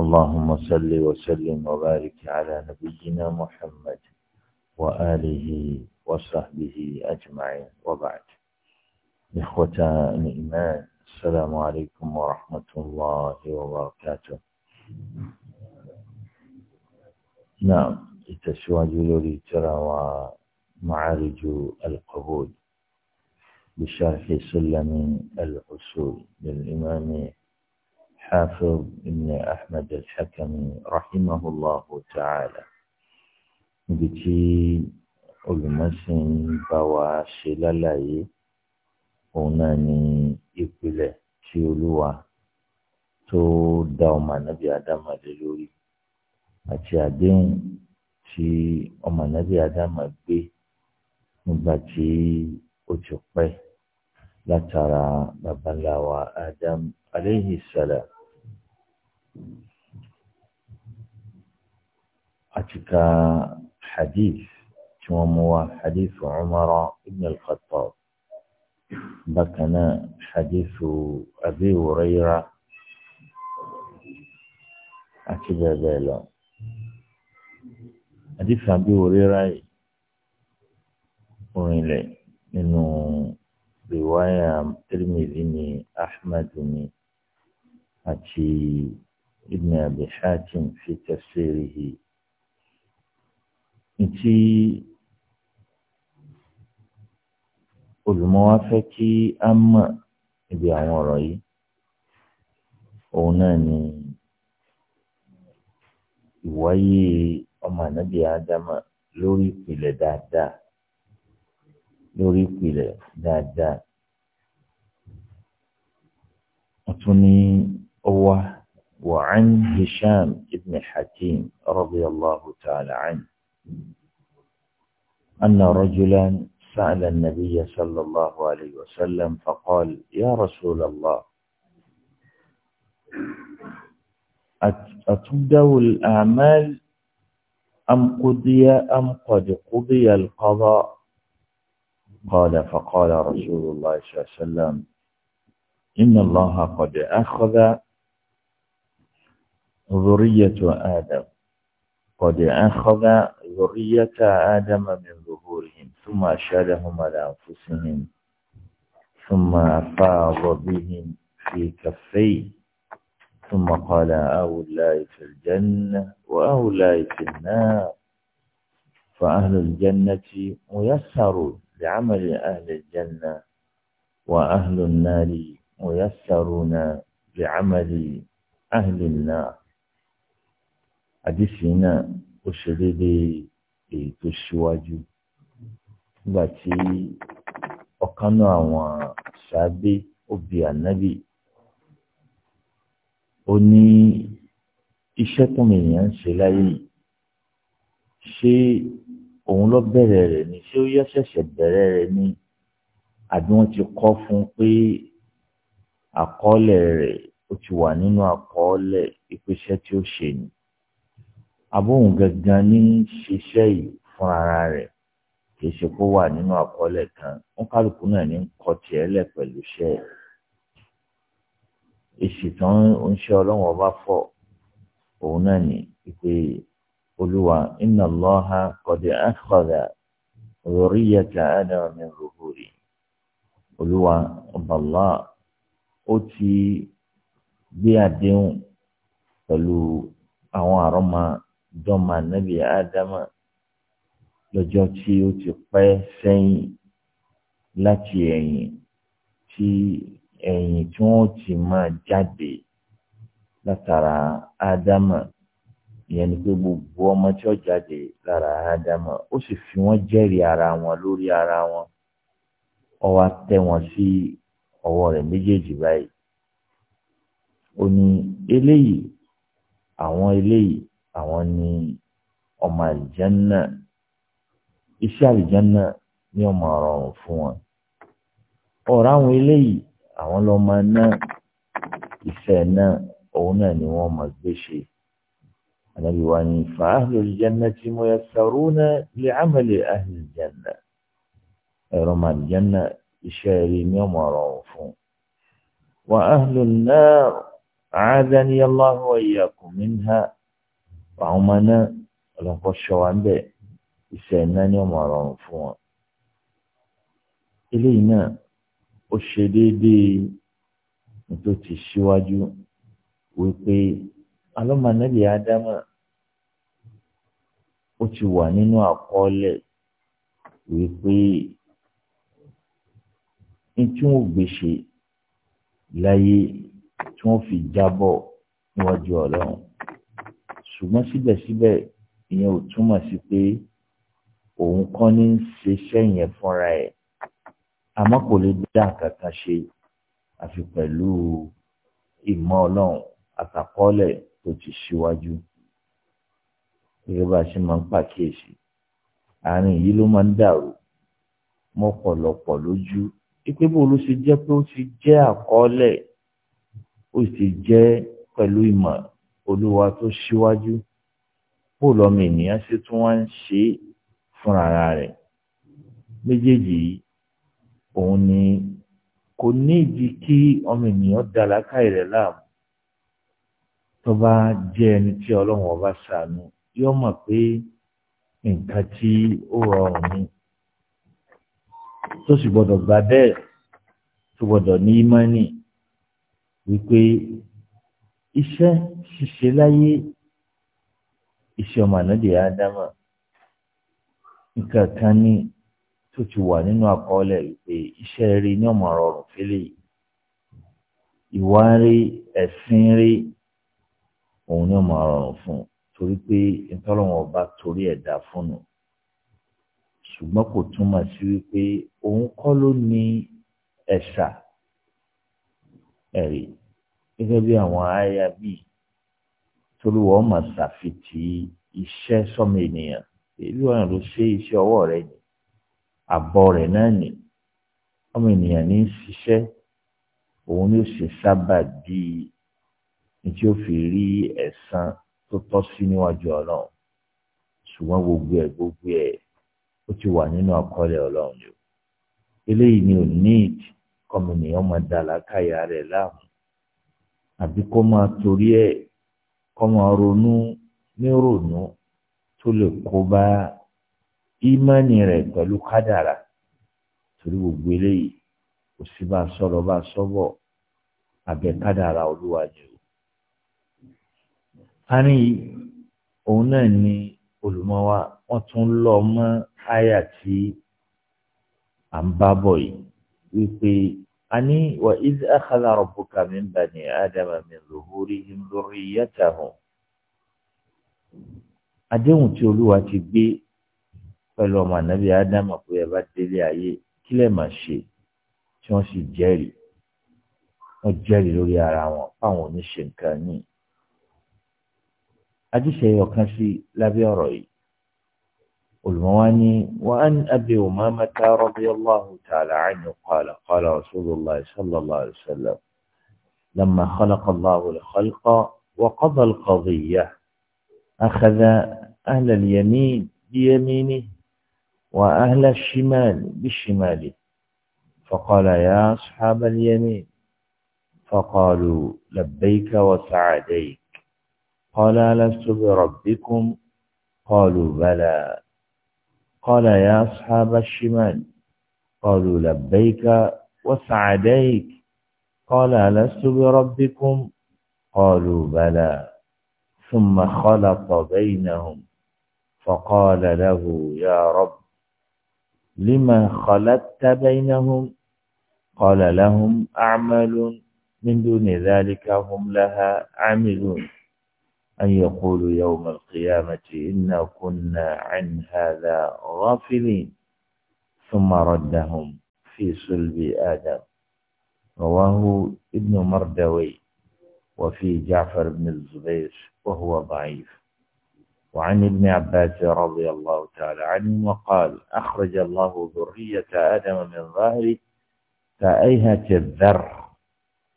اللهم صل وسلم وبارك على نبينا محمد وآله وصحبه أجمعين وبعد إخوة الإيمان السلام عليكم ورحمة الله وبركاته نعم التسواج لوري ومعارج القبول بشرح سلم الأصول للإمام الحافظ ابن أحمد الحكمي رحمه الله تعالى بتي المسن بوا شلالاي أوناني إبلة تيولوا تو داوما نبي آدم لوري àti àdéhùn tí ọmọ nàbí Ádámà gbé nígbà tí ó ti pẹ́ látara babaláwa alayhi salam àti ka hadith tí wọ́n mú wa hadith Umar ibn al-Khattab bákan náà hadith Abi Huraira àti bẹ́ẹ̀ bẹ́ẹ̀ lọ. Hadith Abi Huraira yìí orin lẹ̀ nínú riwaya Tirmidhi ni Ahmad ni àti ibn abi hatim fi tafsirihi ntí olùmọ̀wá fẹ́ kí a mọ̀ níbi àwọn ọ̀rọ̀ yìí òun náà ni ìwáyé ọmọ ànábì ádámà lórí ìpìlẹ̀ dáadáa lórí ìpìlẹ̀ dáadáa wọ́n tún ní ọwá. وعن هشام بن حكيم رضي الله تعالى عنه أن رجلا سأل النبي صلى الله عليه وسلم فقال يا رسول الله أتبدأ الأعمال أم قضي أم قد قضي القضاء قال فقال رسول الله صلى الله عليه وسلم إن الله قد أخذ ذرية آدم قد أخذ ذرية آدم من ظهورهم ثم أشهدهم على أنفسهم ثم أفاض بهم في كفيه ثم قال أولاي في الجنة وأولاي في النار فأهل الجنة ميسر لعمل أهل الجنة وأهل النار ميسرون بعمل أهل النار àdìsí náà ó ṣe déédéé èyí tó ṣíwájú nígbà tí ọ̀kan náà àwọn ṣáàbí ó bi ànábì ó ní iṣẹ́ tó mi yàn ń ṣe láyé yìí ṣé òun ló bẹ̀rẹ̀ rẹ̀ ni ṣé ó yẹ ṣẹ̀ṣẹ̀ bẹ̀rẹ̀ rẹ̀ ni àbí wọ́n ti kọ́ fún pé àkọọ́lẹ̀ rẹ̀ ó ti wà nínú àkọọ́lẹ̀ ìpèsè tí ó ṣe ni abóhùn gangan ní ṣiṣẹ́ yìí fún ara rẹ̀ kì í ṣe kó wà nínú àkọọ́lẹ̀ kan wọn kálukú náà ní kọ tiẹ̀ lẹ̀ pẹ̀lú iṣẹ́ ẹ̀ èsì tán ń ṣe ọlọ́wọ́n ọba fọ̀ òun náà ní pé olúwa inna Allaha qad akhadha dhurriyyata Adama min zuhuri olúwa ọba ó ti gbé àdéhùn pẹ̀lú àwọn àrọ́mọ dọ́mọ ànábì ádámà lọ́jọ́ tí ó ti pẹ́ sẹ́yìn láti ẹ̀yìn tí ẹ̀yìn tí wọ́n ti máa jáde látara ádámà ìyẹn ni pé gbogbo ọmọ tí ó jáde lára ádámà ó sì fi wọ́n jẹ́rìí ara wọn lórí ara wọn ó wá wọn sí ọwọ́ rẹ̀ méjèèjì báyìí ó ní eléyìí àwọn eléyìí àwọn ni ọmọ àlìjánná iṣẹ́ àlìjánná ni ọmọ ọ̀rọ̀rùn fún wọn. ọ̀rọ̀ àwọn eléyìí àwọn lọ́mọ náà ìfẹ́ náà òun náà ni wọ́n máa gbé ṣe. Ànábì wa ni fàáhùn àlìjánná tí mo yẹ sàrú náà lè àmàlè àlìjánná. ẹ̀rọ màlìjánná iṣẹ́ rí ni ọmọ ọ̀rọ̀rùn fún. wà náà àádá ni yàlláhu wa àwọn ọmọ náà ọlọ́pọ̀ ṣọ wa ń bẹ̀ iṣẹ́ iná ní ọmọ ọ̀rọ̀rùn fún wọn. eléyìí náà ó ṣe déédéé tó ti ṣíwájú wípé alọ́mọ̀nẹ́bí ádámà ó ti wà nínú àkọọ́lẹ̀ wípé ní tí wọ́n gbèsè láyé tí wọ́n fi jábọ̀ níwájú ọlọ́run ṣùgbọ́n síbẹ̀síbẹ̀ ìyẹn ò túmọ̀ sí pé òun kọ́ ní ń ṣiṣẹ́ yẹn fúnra ẹ̀ àmọ́ kò lè dá kankan ṣe àfi pẹ̀lú ìmọ̀ ọlọ́run àtàkọ́lẹ̀ tó ti ṣíwájú gẹ́gẹ́ bá a ṣe máa ń pàkíyèsí àárín yìí ló máa ń dàrú mọ́pọ̀lọpọ̀ lójú ipe bó ló ṣe jẹ́ pé ó ti jẹ́ àkọọ́lẹ̀ ó sì jẹ́ pẹ̀lú ìmọ̀ olúwa tó ṣíwájú bó lọ́mọ ènìyàn ṣe tún wá ń ṣe fúnra rẹ̀ méjèèjì yìí òun ni kò ní ìdí kí ọmọ ènìyàn da làákàyè rẹ̀ láàmú tó bá jẹ́ ẹni tí ọlọ́run ọba ṣàánú yóò mọ̀ pé nǹkan tí ó rọrùn ni tó sì gbọ́dọ̀ gbà bẹ́ẹ̀ tó gbọ́dọ̀ ní ímánì wípé iṣẹ́ ṣíṣe láyé iṣẹ́ ọmọ ànábì ádámà nǹkan kan ní tó ti wà nínú àkọọ́lẹ̀ ìpè iṣẹ́ rí ní ọmọ rọrùn fẹ́lẹ̀ yìí ìwà rí ẹ̀sìn rí òun ní ọmọ rọrùn fún un torí pé ìtọ́lọ́wọ́n ọba torí ẹ̀dá fún un ṣùgbọ́n kò túmọ̀ sí wípé òun kọ́ ló ní ẹ̀ṣà ẹ̀rí gẹ́gẹ́ bí àwọn àyà bíi tolúwọ́ mà ṣàfitì iṣẹ́ sọ́mọ ènìyàn èyí wọn ló ṣe iṣẹ́ ọwọ́ rẹ̀ ni àbọ̀ rẹ̀ náà ni ọmọ ènìyàn ní í ṣiṣẹ́ òun ni ó ṣe sábà di ní tí ó fi rí ẹ̀san tó tọ́ sí níwájú ọlọ́run ṣùgbọ́n gbogbo ẹ̀ gbogbo ẹ̀ ó ti wà nínú àkọọ́lẹ̀ ọlọ́run ni o eléyìí ni ò ní ìdí kọ́mọ ènìyàn máa rẹ̀ láàmú àbí kó máa torí ẹ̀ kó máa ronú nírònú tó lè kó bá ímánì rẹ̀ pẹ̀lú kádàrà torí gbogbo eléyìí kò sí bá a sọ̀rọ̀ bá a sọ́bọ̀ abẹ́ kádàrà olúwa jù. òun náà ni olùmọ̀wá wọ́n tún lọ mọ́ àyà tí à ń bá bọ̀ yìí wípé. أني وإذ أخذ ربك من بني آدم من ظهورهم ذريتهم àdéhùn tí olúwa ti gbé pẹ̀lú ọmọ ànábì ádámà pé ẹ bá délé ayé kí lè má ṣe tí wọ́n sì jẹ́rìí wọ́n jẹ́rìí lórí ara wọn fáwọn oníṣe nǹkan ní. àdìsẹ́yọ̀ kan sí lábẹ́ ọ̀rọ̀ yìí والمواني وأن أبي أمامة رضي الله تعالى عنه قال قال رسول الله صلى الله عليه وسلم لما خلق الله الخلق وقضى القضية أخذ أهل اليمين بيمينه وأهل الشمال بشماله فقال يا أصحاب اليمين فقالوا لبيك وسعديك قال ألست بربكم قالوا بلى قال يا أصحاب الشمال قالوا لبيك وسعديك قال ألست بربكم قالوا بلى ثم خلط بينهم فقال له يا رب لما خلدت بينهم قال لهم أعمال من دون ذلك هم لها عاملون أن يقولوا يوم القيامة إنا كنا عن هذا غافلين ثم ردهم في صلب آدم رواه ابن مردوي وفي جعفر بن الزبير وهو ضعيف وعن ابن عباس رضي الله تعالى عنه وقال أخرج الله ذرية آدم من ظهره فأيهة الذر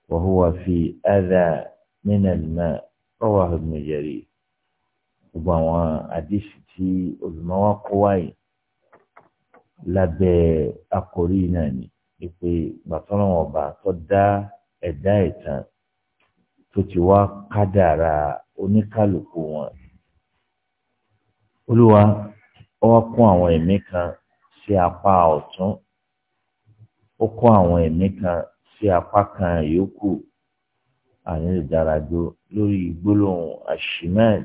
وهو في أذى من الماء ọwọ ابن جرير gbogbo àwọn àdìsí tí olùmọ́wá kó wáyé akọrọ akọ̀rí náà ni wípé ọba tọ dá ẹ̀dá ìtàn tó ti wá kádàrà oníkálukú wọn. olúwa ọwọ kó àwọn ẹ̀mí kan sí apá ọtún ó kó àwọn ẹ̀mí kan sí apá kan yòókù àní lórí gbólóhùn ashimal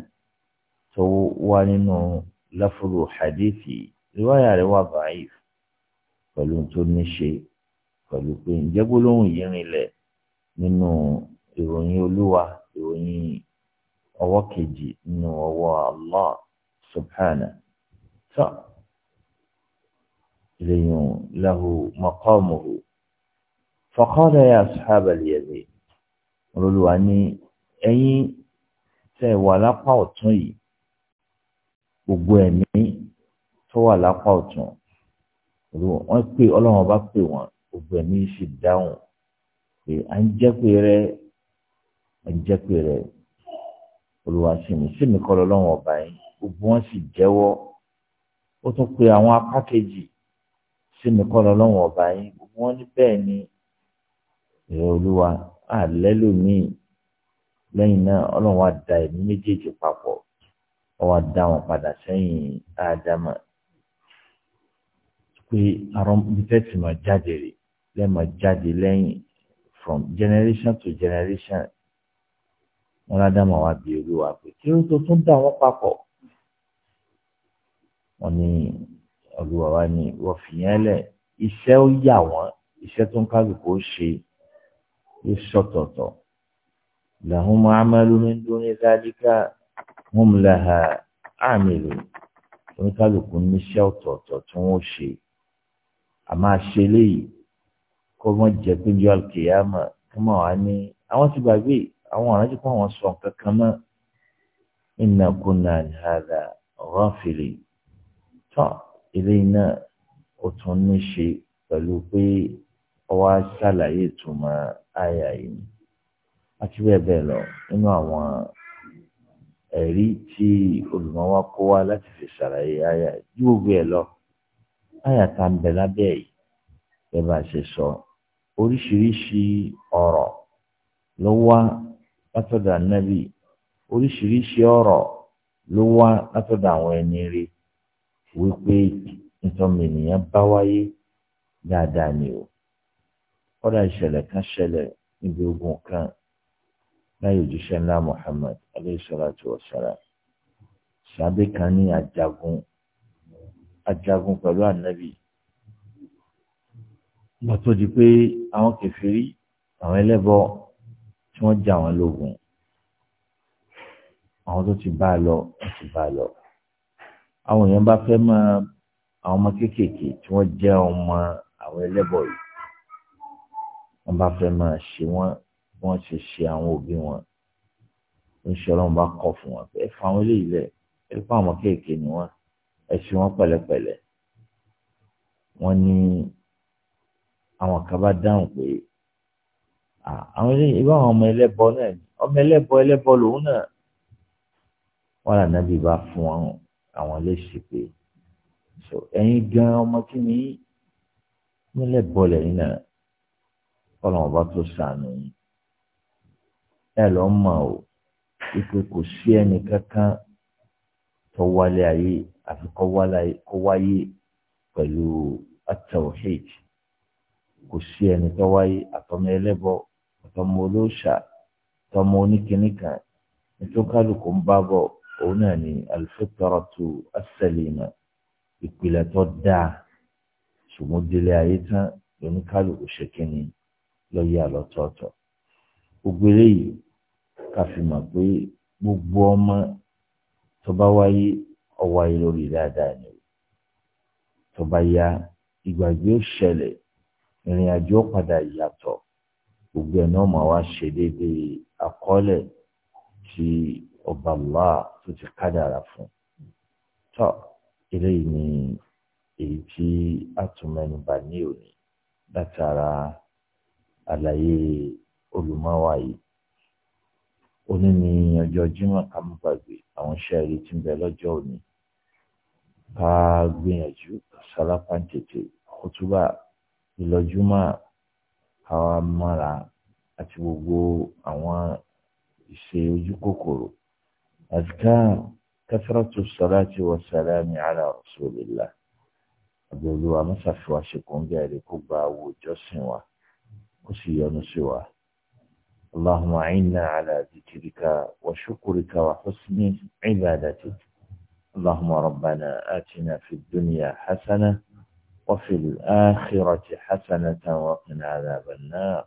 tó wá nínú láfúrò hadithi riwaya rẹ̀ wà báyìí pẹ̀lú tó ní ṣe pẹ̀lú pé ǹjẹ́ gbólóhùn yìí rinlẹ̀ nínú ìròyìn olúwa ìròyìn ọwọ́ kejì nínú ọwọ́ Allah subhana tó lẹ́yìn lahu maqamuhu faqala ya ashab al-yamin olúwa ní ẹ̀yin tẹ́ wà lápá ọ̀tún yìí gbogbo ẹ̀mí tó wà lápá ọ̀tún wọ́n pè ọlọ́run bá pè wọ́n gbogbo ẹ̀mí sì dáhùn pé à ń jẹ́ pé rẹ à ń jẹ́ pé rẹ olùwà sínú sínú kọ́ lọ́wọ́n ọba gbogbo wọn sì jẹ́wọ́ ó tún pe àwọn apá kejì sínú kọ́ lọ́wọ́n ọba gbogbo wọn ní bẹ́ẹ̀ ni ìrẹ́ olúwa àlẹ́ lòmíì lẹ́yìn náà ọlọ́run wá da ẹ̀mí méjèèjì papọ̀ wọ́n wá dá wọn padà sẹ́yìn ádámà pé àrùn bífẹ́tì máa jáde rè lẹ́ẹ̀ma jáde lẹ́yìn from generation to generation wọn ádámà wá bí olúwa pé kí ló tó tún dá wọn papọ̀ wọn ní olúwa wa ní wọ́n fìyẹn lẹ̀ iṣẹ́ ó yà wọ́n iṣẹ́ tó ń kálukú ó ṣe yóò ṣọ̀tọ̀ọ̀tọ̀. لهم عمل من دون ذلك هم لها عاملون oníkálukú níṣẹ́ ọ̀tọ̀ọ̀tọ̀ tí wọ́n ṣe a máa ṣe léyìí kó mọ̀ jẹ́ pé jọ́ àlùkìyàmà kí mọ̀ wá ní àwọn ti gbàgbé àwọn àrántí kó àwọn sọ nǹkan kan mọ́ inna kunna an hadha ghafilin tọ́ eléyìí náà ó tún ní ṣe pẹ̀lú pé ọwọ́ ṣàlàyé ìtumọ̀ àyà yìí àti bẹ́ẹ̀ bẹ́ẹ̀ lọ nínú àwọn ẹ̀rí tí olùmọ̀wá kó wá láti fi ṣàlàyé àyà ju gbogbo ẹ̀ lọ àyà tá ń bẹ lábẹ́ yìí bẹ́ẹ̀ bá ṣe sọ oríṣiríṣi ọ̀rọ̀ ló wá látọ̀dọ̀ ànábì oríṣiríṣi ọ̀rọ̀ ló wá látọ̀dọ̀ àwọn ẹni rí wípé ìtọ́mìnìyàn bá wáyé dáadáa ni o kọ́dà ìṣẹ̀lẹ̀ kan ṣẹlẹ̀ níbi ogun kan láyé òjíṣẹ́ ńlá Muhammad aleyhisalatu wasalam sàbẹ kan ní ajagun ajagun pẹ̀lú ànábì ìgbà tó di pé àwọn kẹfìrí àwọn ẹlẹ́bọ tí wọ́n jà wọ́n lógun àwọn tó ti bá a lọ wọ́n ti bá a lọ àwọn èèyàn bá fẹ́ máa àwọn ọmọ kéékèèké tí wọ́n jẹ́ ọmọ àwọn ẹlẹ́bọ yìí wọ́n bá fẹ́ máa ṣe wọ́n wọ́n ṣe ṣe àwọn òbí wọn ń ṣe ọlọ́run bá kọ̀ fún wọn ẹ fa àwọn eléyìí lẹ̀ ẹ fún àwọn kéèké ni wọ́n ẹ ṣe wọ́n pẹ̀lẹ́pẹ̀lẹ́ wọ́n ní àwọn kan bá dáhùn pé àwọn eléyìí ibà àwọn ọmọ ẹlẹ́bọ náà ni ọmọ ẹlẹ́bọ ẹlẹ́bọ lòun náà wọ́n là nábì bá fún àwọn léṣe pé so ẹ̀yin gan ọmọ kí ni mílẹ̀ bọ́ọ̀lù ẹ̀yin náà kọ́ tó sànù yìí ẹ lọ mọ̀ o ipe kò sí ẹnì kankan tó wálé ayé àfi kó wáyé pẹ̀lú atawhid kò sí ẹni tó wáyé àtọmọ ẹlẹ́bọ àtọmọ olóòṣà àtọmọ oníkìníkà nítòkálùkù ń bá bọ̀ òun náà ni alifitaratu asalima ìpìlẹ̀ tó dáa ṣùgbọ́n délé ayé tán oníkálùkù ṣe lọ́yẹ̀ àlọ́tọ̀ọ̀tọ̀ gbogbo eléyìí ká fi mọ̀ pé gbogbo ọmọ tó bá wáyé ó wáyé lórí dáadáa ni tó bá yá ìgbàgbé ó ṣẹlẹ̀ ìrìn àjò padà yàtọ̀ gbogbo ẹ̀ náà máa wá ṣe déédéé àkọọ́lẹ̀ tí ọba Allah tó ti kádàrà fún tọ́ eléyìí ni èyí tí a tún mẹ́nu bà ní òní látara àlàyé olùmọ́wá yìí òní ni ọjọ́ Jímọ̀ kàmúgbàgbé àwọn iṣẹ́ eré tí ń bẹ lọ́jọ́ òní ká gbìyànjú sálápá tètè kótóbà ìlọ́júmọ́ káwa mọ́ra àti gbogbo àwọn ìṣe ojú kòkòrò azkar kẹsàrọ́tù sọláàtì wa sàlámì àlà rasulillah àbẹ̀lú àmọ́sàfíwáṣe kò ń gẹ̀rẹ́ kó gba àwòjọ́sìn wa ó sì yọ́nú sí wa. اللهم أعنا على ذكرك وشكرك وحسن عبادتك اللهم ربنا آتنا في الدنيا حسنة وفي الآخرة حسنة وقنا عذاب النار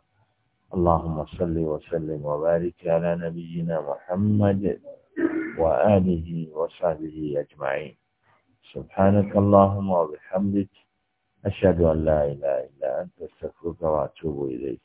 اللهم صل وسلم وبارك على نبينا محمد وآله وصحبه أجمعين سبحانك اللهم وبحمدك أشهد أن لا إله إلا أنت أستغفرك وأتوب إليك